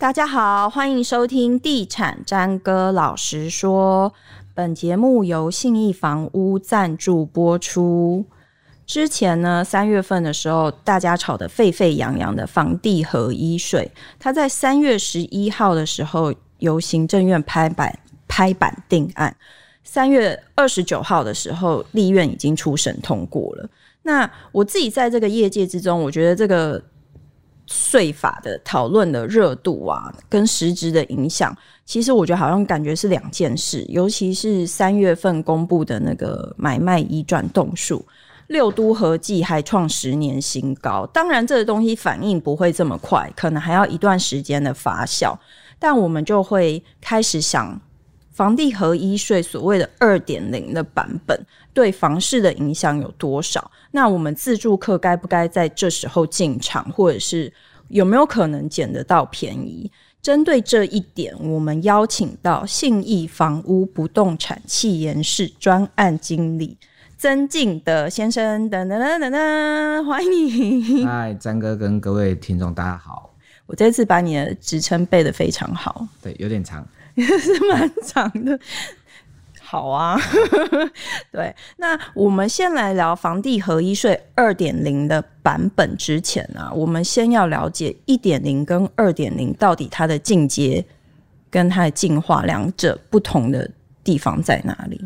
大家好，歡迎收聽《地產詹哥老實說》。本節目由信義房屋贊助播出。之前呢，三月份的時候，大家吵得沸沸揚揚的房地合一稅，它在三月十一號的時候由行政院拍板拍板定案。三月二十九號的時候，立院已經初審通過了。那我自己在這個業界之中，我覺得這個。稅法的討論的熱度啊，跟實質的影響，其實我覺得好像感覺是兩件事。尤其是三月份公布的那個買賣移轉棟數，六都合計還創十年新高。當然，這個東西反應不會這麼快，可能還要一段時間的發酵。但我們就會開始想。房地合一稅所謂的二點零的版本對房市的影響有多少？那我們自住客該不該在這時候進場，或者是有沒有可能撿得到便宜？針對這一點，我們邀請到信義房屋不動產企研室專案經理曾敬德先生，等，等等，等，歡迎你！嗨，詹哥跟各位聽眾大家好，我這次把你的職稱背得非常好，對，有點長。也是蠻長的，好啊。 對，那我們先來聊房地合一稅二點零的版本之前啊，我們先要了解一點零跟二點零到底它的進階跟它的進化，兩者不同的地方在哪裡？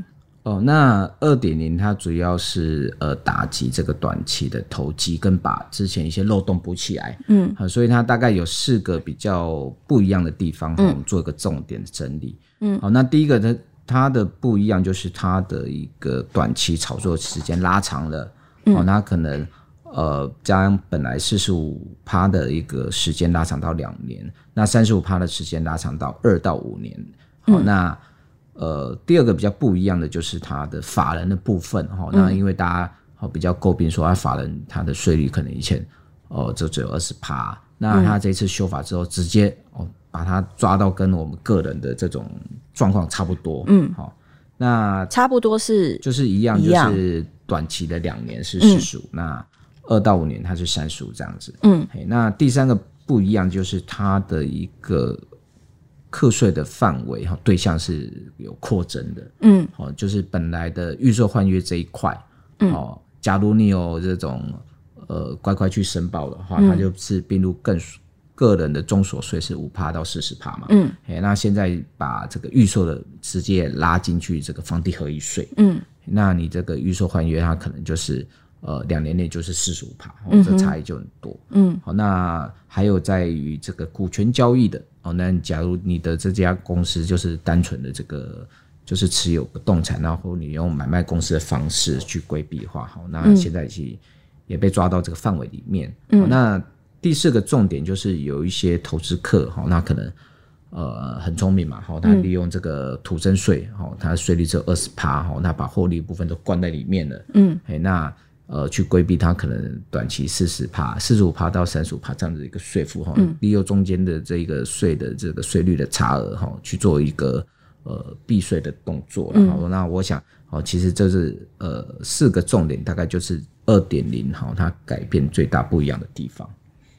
哦，那二點零它主要是呃打擊這個短期的投機，跟把之前一些漏洞補起來，嗯、呃，所以它大概有四個比較不一樣的地方，我們做一個重點的整理，嗯，好、哦，那第一個它它的不一樣就是它的一個短期炒作時間拉長了，哦，嗯、哦那可能呃將本來四十五趴的一個時間拉長到兩年，那三十五趴的時間拉長到二到五年，好，嗯哦、那。呃，第二個比較不一樣的就是它的法人的部分哈、嗯，那因為大家好比較詬病說他法人他的稅率可能以前哦、呃、就只有二十趴，那他這次修法之後直接、嗯、哦把他抓到跟我們個人的這種狀況差不多，嗯，好、哦，那差不多是就是一樣，就是短期的兩年是四十五、嗯，那二到五年他是三十五這樣子，嗯，hey, 那第三個不一樣就是他的一個。課稅的範圍哈，對象是有擴增的，嗯、哦，就是本來的預售換約這一塊，哦、嗯，假如你有這種呃乖乖去申報的話，嗯、它就是併入更個人的綜所稅是五趴到四十趴嘛，嗯，那現在把這個預售的直接拉進去這個房地合一稅，嗯，那你這個預售換約它可能就是。呃，兩年內就是四十五趴，這差異就很多嗯。嗯，好，那還有在於這個股權交易的哦，那假如你的這家公司就是單純的這個，就是持有不動產，然後你用買賣公司的方式去規避的話，好、哦，那現在也也被抓到這個範圍裡面。嗯、哦，那第四個重點就是有一些投資客哈、哦，那可能呃很聰明嘛、哦，他利用這個土增稅、嗯哦，他它稅率只有二十趴，那把獲利部分都灌在裡面了。嗯，那。呃，去規避它可能短期四十趴、四十五趴到三十五趴這樣的一個稅負哈，利用中間的這個稅的這個稅率的差額哈，去做一個呃避稅的動作、嗯。然後，那我想哦，其實這是呃四個重點，大概就是二點零，然後它改變最大不一樣的地方。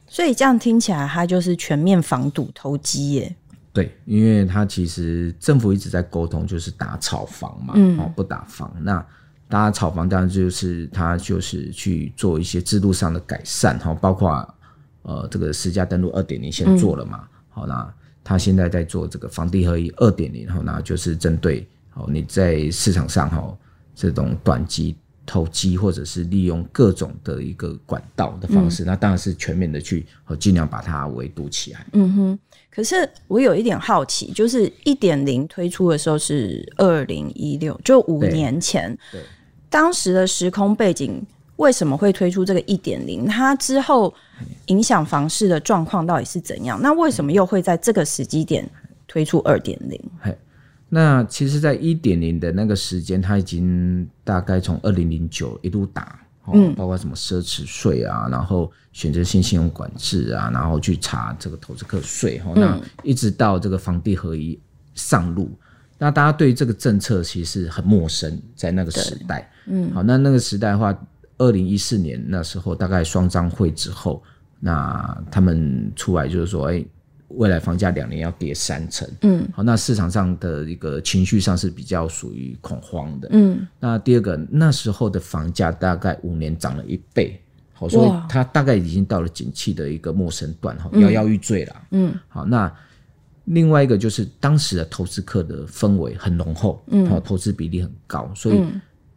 所以這樣聽起來，它就是全面防堵投機耶？對，因為它其實政府一直在溝通，就是打炒房嘛，哦、嗯、不打房那。大家炒房當然就是他就是去做一些制度上的改善哈，包括呃這個實價登錄二點零先做了嘛，好、嗯、啦，他現在在做這個房地合一二點零後，那就是針對好你在市場上哈這種短期投機或者是利用各種的一個管道，的方式，嗯、那當然是全面的去盡量把它圍堵起來。嗯哼，可是我有一點好奇，就是一點零推出的時候是二零一六，就五年前。對。對當時的時空背景為什麼會推出這個一點零？它之後影響房市的狀況到底是怎樣？那為什麼又會在這個時機點推出二點零？嘿，那其實，在一點零的那個時間，它已經大概從二零零九一路打，嗯，包括什麼奢侈稅啊，然後選擇性信用管制啊，然後去查這個投資客稅哦，那一直到這個房地合一上路。那大家對這個政策其實很陌生，在那個時代，嗯，好，那那個時代的話，二零一四年那時候，大概雙張會之後，那他們出來就是說，哎、欸，未來房價兩年要跌三成，嗯，好，那市場上的一個情緒上是比較屬於恐慌的，嗯，那第二個，那時候的房價大概五年漲了一倍，好，所以它大概已經到了景氣的一個陌生段，哈、嗯，搖搖欲墜了，嗯，嗯，好，那。另外一個就是當時的投資客的氛圍很濃厚，嗯，投資比例很高，所以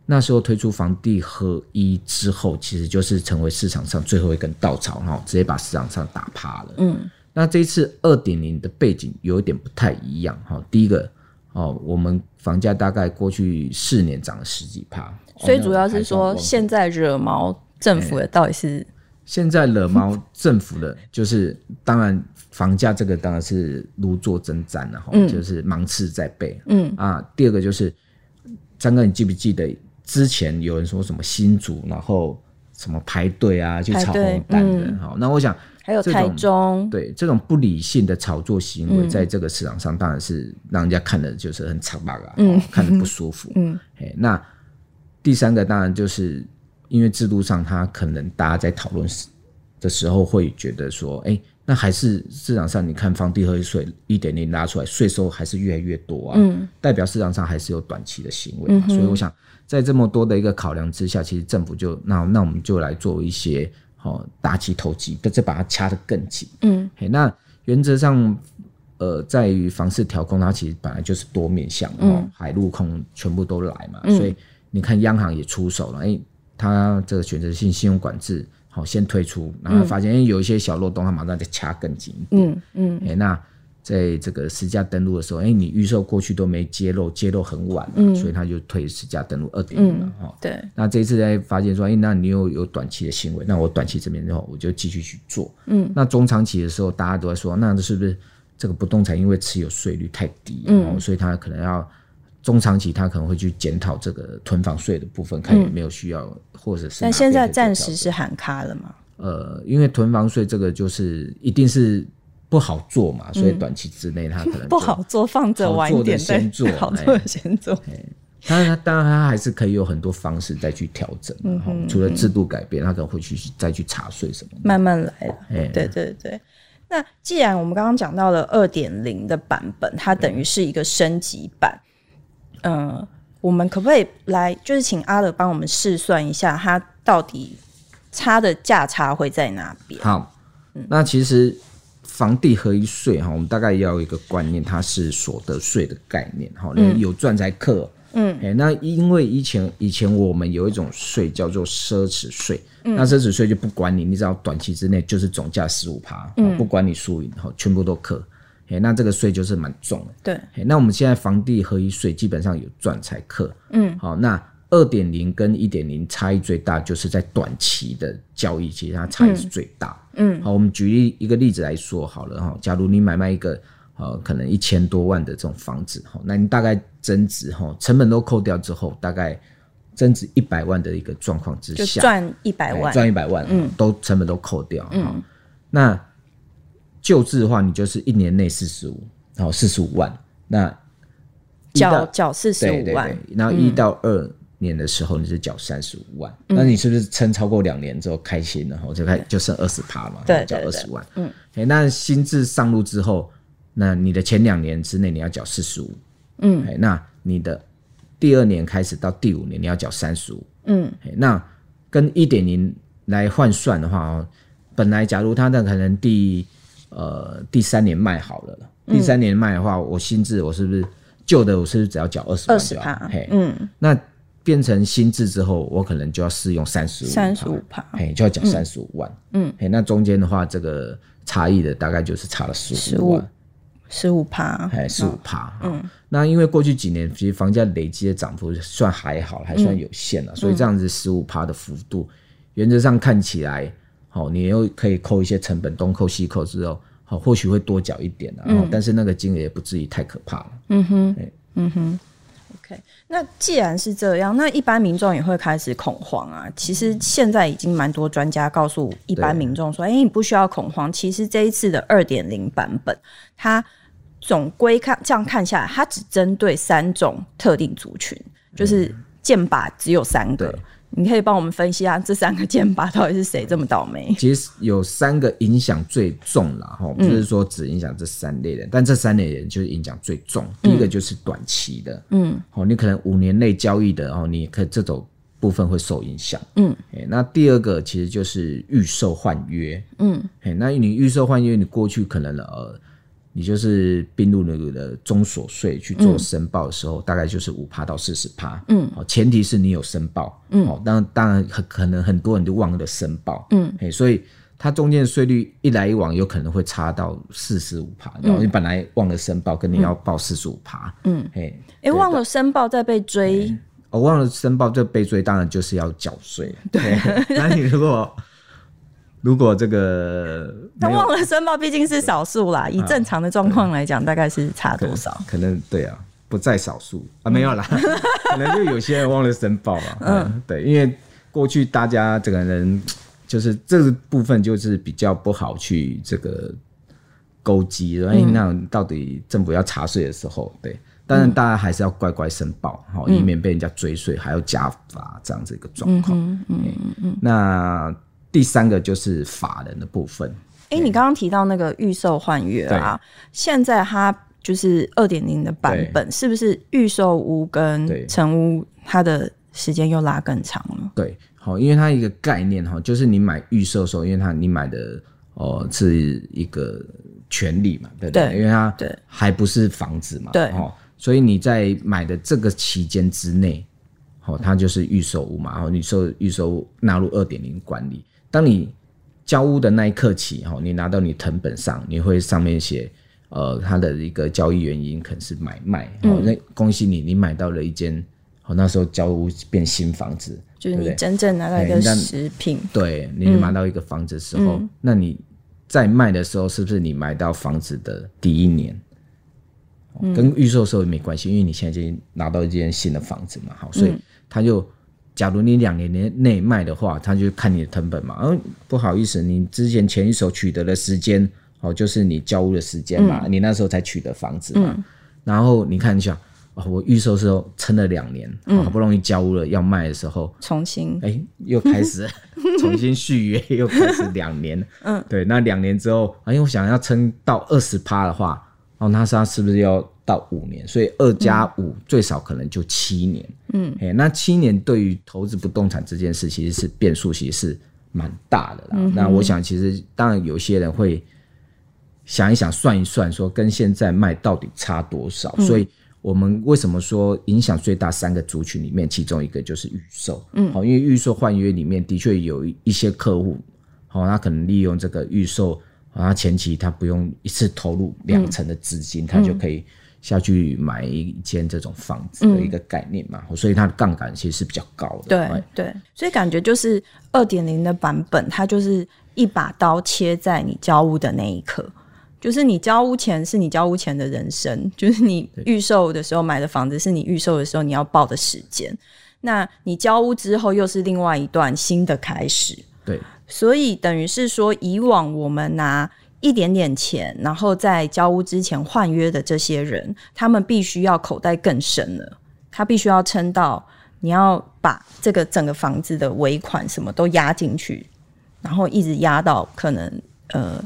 那時候推出房地合一之後，嗯，其實就是成為市場上最後一根稻草，然後直接把市場上打趴了，嗯。那這一次二點零的背景有一點不太一樣，哈，第一個，哦，我們房價大概過去四年漲了十幾趴，所以主要是說現在惹毛政府的到底是，嗯。現在惹毛政府了，就是當然房價這個當然是如坐針氈的哈，就是芒刺在背。嗯啊，第二個就是詹哥，你記不記得之前有人說什麼新竹，然後什麼排隊啊排隊去炒紅單的哈、嗯？那我想這種還有台中，對這種不理性的炒作行為，在這個市場上當然是讓人家看的就是很吵。罵啊，嗯，哦、看的不舒服。嗯，哎，那第三個當然就是。因為制度上，他可能大家在討論時的時候，會覺得說，哎，那還是市場上，你看房地合一稅一點點拉出來，稅收還是越來越多啊，嗯，代表市場上還是有短期的行為、嗯，所以我想在這麼多的一個考量之下，其實政府就那那我們就來做一些好打擊投機，再再把它掐得更緊，嗯，嘿，那原則上，呃，在於房市調控，它其實本來就是多面向，哦，嗯、海陸空全部都來嘛、嗯，所以你看央行也出手了，哎。他這個選擇性信用管制，好先推出，然後發現、嗯、有一些小漏洞，他馬上就掐更緊一點嗯嗯、欸。那在這個實價登錄的時候，哎、欸，你預售過去都沒揭露，揭露很晚、啊嗯，所以他就推實價登錄二點零了哈。對。那這一次才發現說、欸，那你又有短期的行為，那我短期這邊之後我就繼續去做。嗯。那中長期的時候，大家都在說，那是不是這個不動產因為持有稅率太低、啊，嗯、哦，所以他可能要。中長期他可能會去檢討這個囤房稅的部分，看有沒有需要或者是、嗯。但現在暫時是喊卡了嗎？呃，因為囤房稅這個就是一定是不好做嘛，嗯、所以短期之內他可能就好做的先做、嗯、不好做，放着晚一點再好做的先做。欸欸、當然他當然他還是可以有很多方式再去調整、啊嗯嗯，除了制度改變，他可能會去再去查稅什麼，慢慢來了。哎、欸，對，對對對。那既然我們剛剛講到了二點零的版本，它等於是一個升級版。嗯、呃，我們可不可以來，就是請阿德幫我們試算一下，他到底差的價差會在哪邊？好，那其實房地合一稅哈，我們大概要有一個觀念，它是所得稅的概念哈，有賺才課。嗯、欸，那因為以前以前我們有一種稅叫做奢侈稅、嗯，那奢侈稅就不管你，你知道短期之內就是總價十五趴，不管你輸贏哈，全部都課。那這個稅就是蠻重的。對，那我們現在房地合一稅基本上有賺才課。嗯，好、喔，那二點零跟一點零差異最大，就是在短期的交易，其實它差異是最大。嗯，好、喔，我們舉一一個例子來說好了哈、喔。假如你買賣一個呃、喔，可能一千多萬的這種房子哈、喔，那你大概增值哈、喔，成本都扣掉之後，大概增值一百萬的一個狀況之下，賺一百萬，賺一百萬、喔，嗯，都成本都扣掉，嗯，喔、那。舊制的話，你就是一年內四十五，然後四十五萬，那繳繳四十五萬，然後一到二年的時候你是繳三十五萬、嗯，那你是不是撐超過兩年之後開心了，然、嗯、就開就剩二十趴嘛，對，對，對，繳二十萬，對對對嗯、欸，那新制上路之後，那你的前兩年之內你要繳四十五，嗯、欸，那你的第二年開始到第五年你要繳三十五，嗯、欸，那跟一點零來換算的話哦，本來假如他的可能第呃，第三年賣好了，第三年賣的話，嗯、我新制我是不是舊的？我是不是只要繳二十？二十趴。嘿、嗯，那變成新制之後，我可能就要適用三十五。三十五趴，嘿，就要繳三十五萬。嗯。嗯，那中間的話，這個差異的大概就是差了十五萬，十五趴，哎，十五、啊、嗯、嗯。那因為過去幾年其實房價累積的漲幅算還好，還算有限了，嗯、所以這樣子十五趴的幅度，嗯、原則上看起來。好，你又可以扣一些成本，東扣西扣之後，好，或許會多繳一點啊、嗯。但是那個金額也不至於太可怕了。嗯哼，嗯哼，OK。那既然是這樣，那一般民眾也會開始恐慌啊。其實現在已經蠻多專家告訴一般民眾說，哎、欸，你不需要恐慌。其實這一次的二點零版本，它總歸看這樣看下來，它只針對三種特定族群，就是箭靶只有三個。嗯你可以幫我們分析下，啊、這三個箭靶到底是誰這麼倒霉？其實有三個影響最重啦哈、嗯，就是說只影響這三類人，但這三類人就是影響最重。第一個就是短期的，嗯，喔、你可能五年內交易的哦、喔，你可以這種部分會受影響，嗯、欸。那第二個其實就是預售換約，嗯，欸、那你預售換約，你過去可能呃。也就是併入那個的綜所稅去做申報的時候，嗯、大概就是五趴到四十趴，嗯，好，前提是你有申報，嗯，好，但當然很可能很多人都忘了申報，嗯，所以它中間稅率一來一往，有可能會差到四十五趴，然後你本來忘了申報，跟你要報四十五趴，嗯，哎、欸，忘了申報再被追，我、哦、忘了申報就被追，當然就是要繳稅，對，那你如果…… 如果這個他忘了申報，畢竟是少數啦。以正常的狀況來講、嗯，大概是差多少？可能對啊，不在少數、嗯、啊，沒有啦， 可能就有些人忘了申報了、嗯。嗯，對，因為過去大家整個人就是這個部分就是比較不好去這個勾稽、嗯、因為那到底政府要查稅的時候，對，當然大家還是要乖乖申報，好、嗯，以免被人家追稅還要加罰這樣子一個狀況。嗯嗯嗯，那。第三個就是法人的部分。哎、欸，你剛剛提到那個預售換約啊，現在它就是二點零的版本，是不是預售屋跟成屋它的時間又拉更長了？對，好，因為它一個概念哈，就是你買預售的時候，因為它你買的哦是一個權利嘛，對不對？對，因為它還不是房子嘛，對，所以你在買的這個期間之內，好，它就是預售屋嘛，然後你收預售屋納入二點零管理。當你交屋的那一刻起，哈，你拿到你謄本上，你會上面寫，呃，他的一個交易原因可能是買賣、嗯哦，那恭喜你，你買到了一間，哦，那時候交屋變新房子，就是你真正拿到一個食品，對你拿到一個房子的時候，嗯嗯、那你在賣的時候，是不是你買到房子的第一年，嗯、跟預售的時候也沒關係，因為你現在已經拿到一間新的房子嘛，好，所以他就。嗯假如你兩年內賣的話，他就看你的成本嘛、呃。不好意思，你之前前一手取得的時間哦，就是你交屋的時間嘛、嗯，你那時候才取得房子嘛。嗯、然後你看一下、哦、我預售時候撐了兩年、嗯哦，好不容易交屋了，要賣的時候重新哎、欸、又開始 重新續約，又開始兩年。 嗯，對，那兩年之後，因、欸、我想要撐到二十趴的話，哦，那是他是不是要？到五年，所以二加五最少可能就七年。嗯，嘿，那七年對於投資不動產這件事，其實是變數，其實是蠻大的啦。嗯、那我想，其實當然有些人會想一想、算一算，說跟現在賣到底差多少。嗯、所以，我們為什麼說影響最大三個族群裡面，其中一個就是預售。嗯，因為預售換約裡面的確有一些客戶，好、哦，他可能利用這個預售、哦，他前期他不用一次投入兩成的資金、嗯，他就可以。下去買一間這種房子的一個概念嘛，嗯，所以它的槓桿其實是比較高的。對對，所以感覺就是二點零的版本，它就是一把刀切在你交屋的那一刻，就是你交屋前是你交屋前的人生，就是你預售的時候買的房子是你預售的時候你要報的時間，那你交屋之後又是另外一段新的開始。對，所以等於是說，以往我們拿、啊。一點點錢，然後在交屋之前換約的這些人，他們必須要口袋更深了。他必須要撐到你要把這個整個房子的尾款什麼都押進去，然後一直壓到可能呃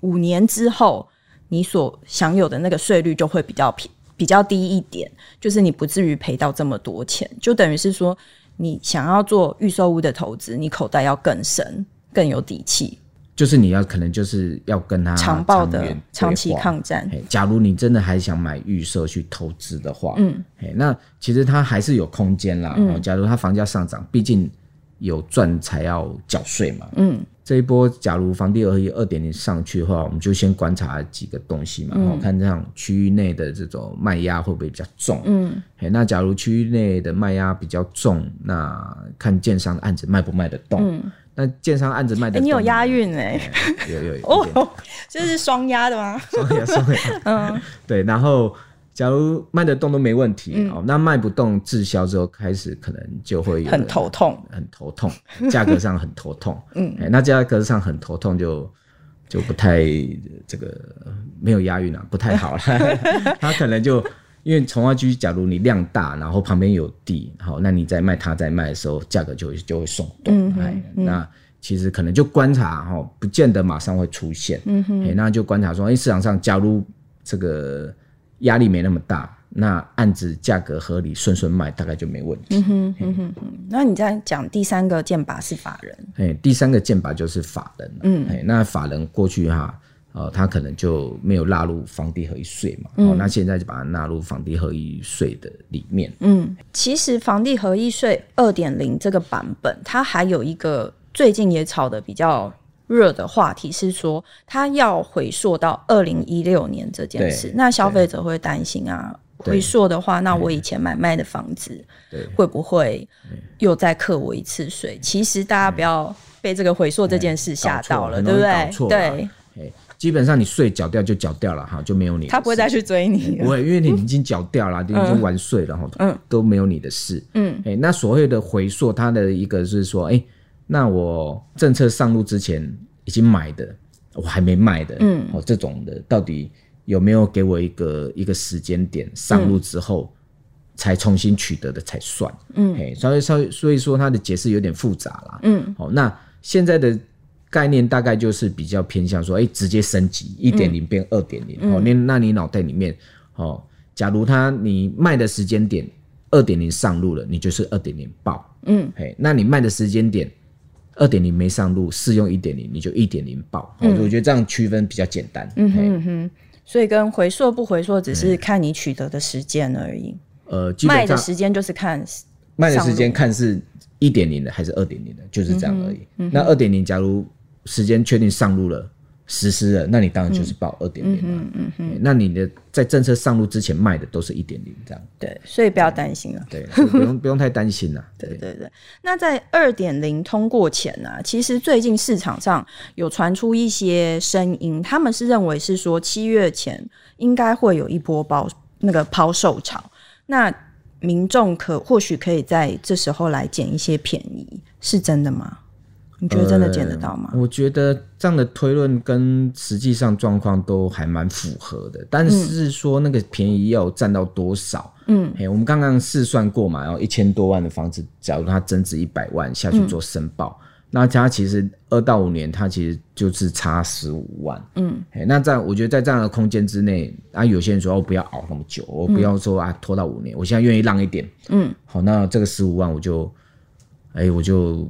五年之後，你所享有的那個稅率就會比較比較低一點，就是你不至於賠到這麼多錢。就等於是說，你想要做預售屋的投資，你口袋要更深、更有底氣。就是你要可能就是要跟他長報的長期抗戰。假如你真的還想買預售去投資的話，嗯，那其實它還是有空間啦、嗯。假如它房價上漲，畢竟有賺才要繳稅嘛，嗯。這一波假如房地合一二點零上去的話，我們就先觀察幾個東西嘛，然、嗯、後看這樣區域內的這種賣壓會不會比較重，嗯。那假如區域內的賣壓比較重，那看建商的案子賣不賣得動，嗯。但建商案子賣的、欸，你有押韻哎、欸嗯，有有有，哦，這是雙押的嗎？雙、嗯、押雙押，對。然後，假如賣得動都沒問題、嗯、哦，那賣不動滯銷之後，開始可能就會很頭痛，很頭痛，價格上很頭痛，嗯，欸、那價格上很頭痛就就不太這個沒有押韻了、啊，不太好了，嗯、 他可能就。因為重劃區，假如你量大，然後旁邊有地，好，那你在賣，他在賣的時候，價格就會就會鬆動、嗯嗯。那其實可能就觀察哈，不見得馬上會出現。嗯哼，那就觀察說，哎、欸，市場上假如這個壓力沒那麼大，那案子價格合理，順順賣，大概就沒問題。嗯、哼、嗯、哼哼，那你在講第三個箭靶是法人？哎，第三個箭靶就是法人。嗯，哎，那法人過去哈。呃，他可能就沒有納入房地合一稅嘛，嗯，哦，那現在就把它納入房地合一稅的裡面。嗯，其實房地合一稅二點零這個版本，它還有一個最近也炒得比較熱的話題是說，它要回溯到二零一六年這件事。那消費者會擔心啊，回溯的話，那我以前買賣的房子會不會又再課我一次稅，嗯？其實大家不要被這個回溯這件事嚇到了對，對不對？對。對對基本上你稅繳掉就繳掉了哈，就沒有你的事。他不會再去追你。欸。不會，因為你已經繳掉了，嗯、你已經完稅了哈、嗯。都沒有你的事。嗯，欸、那所謂的回溯，它的一個是說，哎、欸，那我政策上路之前已經買的，我還沒賣的，嗯，喔、這種的到底有沒有給我一個一個時間點？上路之後才重新取得的才算。嗯，欸、稍微稍微，所以說它的解釋有點複雜了。嗯，好、喔，那現在的。概念大概就是比較偏向說，哎、欸，直接升級一點零變二點零。哦，那那你腦袋裡面，哦，假如它你賣的時間點二點零上路了，你就是二點零報。嗯，嘿，那你賣的時間點二點零沒上路，適用一點零，你就一點零報。我、嗯、我覺得這樣區分比較簡單。嗯嗯哼，哼，所以跟回溯不回溯只是看你取得的時間而已。嗯、呃，賣的時間就是看賣的時間看是，一點零的還是二點零的，就是這樣而已。嗯嗯、那二點零假如時間確定上路了，實施了，那你當然就是報二點零。嗯，嗯、欸，那你的在政策上路之前賣的都是一點零，這樣。對，所以不要擔心了。對，不用 不用太擔心了對。對對對。那在二點零通過前呢、啊？其實最近市場上有傳出一些聲音，他們是認為是說七月前應該會有一波拋那個拋售潮，那民眾可或許可以在這時候來撿一些便宜，是真的嗎？你覺得真的見得到嗎、呃？我覺得這樣的推論跟實際上狀況都還蠻符合的，但是說那個便宜要占到多少？嗯嘿，我們剛剛試算過嘛，然後一千多萬的房子，假如它增值一百萬下去做申報，嗯、那它其實二到五年，它其實就是差十五萬。嗯，嘿那在我覺得在這樣的空間之內，啊，有些人說，我不要熬那麼久，我不要說、嗯、啊，拖到五年，我現在願意讓一點。嗯，好、哦，那這個十五萬我就，哎，我就。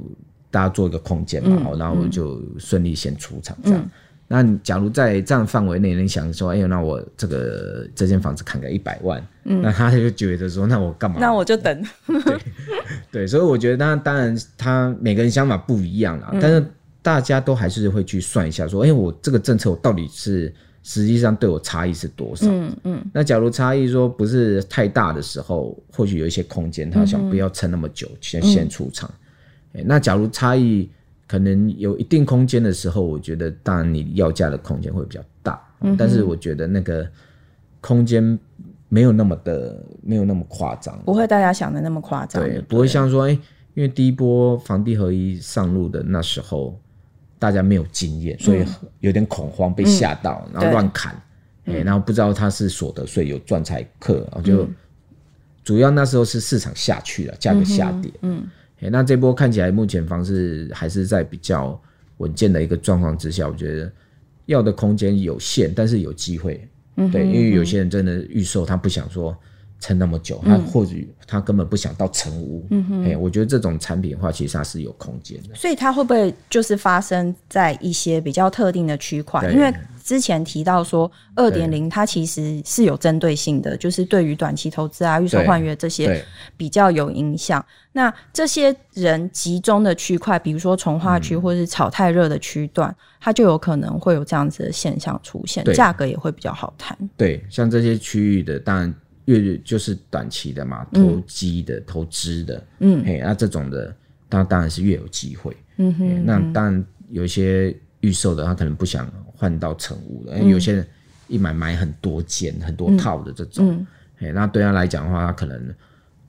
大家做一個空間嘛、嗯嗯，然後就順利先出場。這樣、嗯，那假如在這樣範圍內，你想說，哎，呦，那我這個這間房子砍個一百萬、嗯，那他就覺得說，那我幹嘛？那我就等。對，所以我覺得，當然他每個人想法不一樣啦、嗯，但是大家都還是會去算一下，說，哎、欸，我這個政策我到底是實際上對我差異是多少？嗯嗯。那假如差異說不是太大的時候，或許有一些空間，他想不要撐那麼久，先、嗯、先出場。嗯嗯那假如差異可能有一定空間的時候，我覺得當然你要價的空間會比較大，嗯，但是我覺得那個空間沒有那麼的，沒有那麼誇張，不會大家想的那麼誇張。對，不會像說，哎、欸，因為第一波房地合一上路的那時候，大家沒有經驗，所以有點恐慌被嚇，被嚇到，然後亂砍、欸，然後不知道它是所得稅，有賺才課，然後就主要那時候是市場下去了，價格下跌。嗯。嗯那這波看起來目前房市還是在比較穩健的一個狀況之下，我覺得要的空間有限，但是有機會。嗯哼嗯哼，對，因為有些人真的預售，他不想說撐那麼久，嗯、他或許他根本不想到成屋。哎、嗯，我覺得這種產品的話，其實它是有空間的。所以它會不會就是發生在一些比較特定的區塊？因為。之前提到說，二點零它其實是有針對性的，就是對於短期投資啊、預售換約這些比較有影響。那這些人集中的區塊，比如說重劃區或者是炒太熱的區段、嗯，它就有可能會有這樣子的現象出現，價格也會比較好談。對，像這些區域的，當然越就是短期的嘛，投機的、嗯、投資的，嗯，嘿，那這種的，它當然是越有機會。嗯哼嗯，那當然有一些。預售的他可能不想換到成屋的，有些人一買買很多件，嗯、很多套的這種，嗯嗯，那對他來講的話，他可能、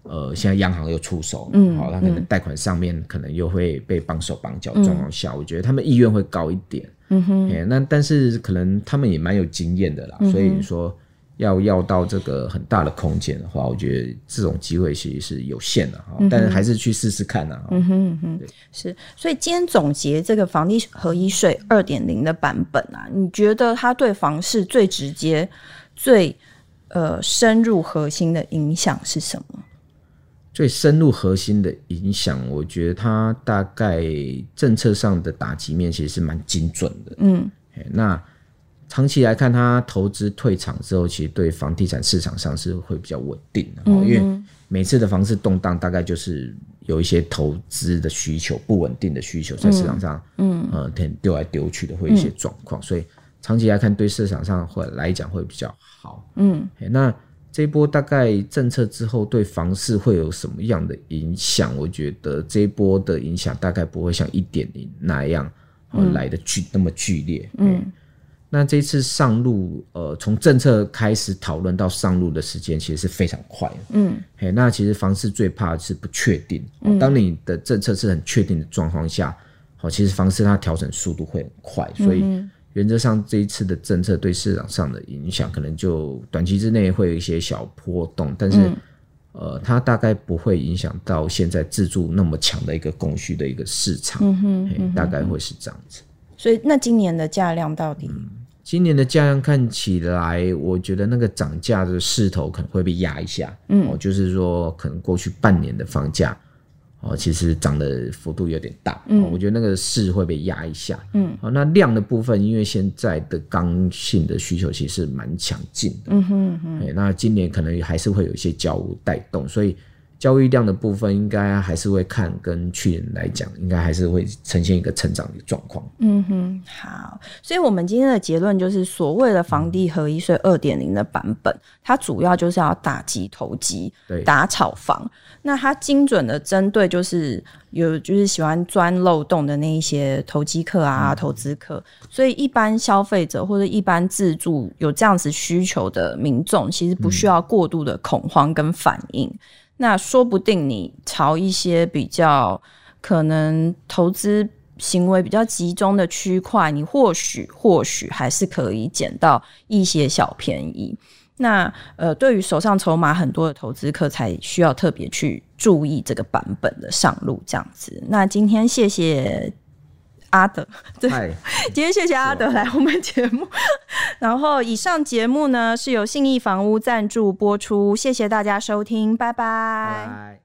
呃、現在央行又出手，嗯、他可能貸款上面可能又會被綁手綁腳狀況下，我覺得他們意願會高一點，嗯，那但是可能他們也蠻有經驗的啦，嗯、所以說。要要到這個很大的空間的話，我覺得這種機會其實是有限的、啊、哈、嗯。但是還是去試試看呢、啊。嗯哼嗯哼對，是。所以今天總結這個房地合一稅二點零的版本啊，你覺得它對房市最直接、最呃深入核心的影響是什麼？最深入核心的影響，我覺得它大概政策上的打擊面其實是蠻精準的。嗯，那。長期來看，他投資退場之後，其實對房地產市場上是會比較穩定、嗯、因為每次的房市動盪，大概就是有一些投資的需求、不穩定的需求在市場上，嗯，嗯呃，丟來丟去的會有一些狀況、嗯。所以長期來看，對市場上會來講會比較好。嗯。欸、那這一波大概政策之後對房市會有什麼樣的影響？我覺得這一波的影響大概不會像一點零那樣來得那麼劇烈。嗯。嗯那這一次上路，呃，從政策開始討論到上路的時間，其實是非常快的。嗯，嘿，那其實房市最怕的是不確定、嗯哦。當你的政策是很確定的狀況下，哦，其實房市它調整速度會很快。所以原則上這一次的政策對市場上的影響，可能就短期之內會有一些小波動，但是，嗯、呃，它大概不會影響到現在自住那麼強的一個供需的一個市場。嗯哼，嗯哼，大概會是這樣子。所以，那今年的價量到底？嗯今年的價量看起來，我覺得那個漲價的勢頭可能會被壓一下。嗯，就是說，可能過去半年的房價，哦，其實漲的幅度有點大。嗯，我覺得那個勢會被壓一下。嗯，好，那量的部分，因為現在的剛性的需求其實蠻強勁的。嗯哼，嗯哼，哼。那今年可能還是會有一些交屋帶動，所以。交易量的部分應該還是會看，跟去年來講，應該還是會呈現一個成長的狀況。嗯哼，好，所以我們今天的結論就是，所謂的房地合一稅二點零的版本，嗯，它主要就是要打擊投機，打炒房。那它精準的針對就是有，就是喜歡鑽漏洞的那一些投機客啊、嗯、投資客，所以一般消費者或者一般自住有這樣子需求的民眾，其實不需要過度的恐慌跟反應。嗯那說不定你朝一些比較可能投資行為比較集中的區塊，你或許或許還是可以撿到一些小便宜。那呃，對於手上籌碼很多的投資客，才需要特別去注意這個版本的上路這樣子。那今天謝謝。阿德，對、哎，今天謝謝阿德來我們節目。然後以上節目呢是由信義房屋贊助播出，謝謝大家收聽，拜拜。拜拜。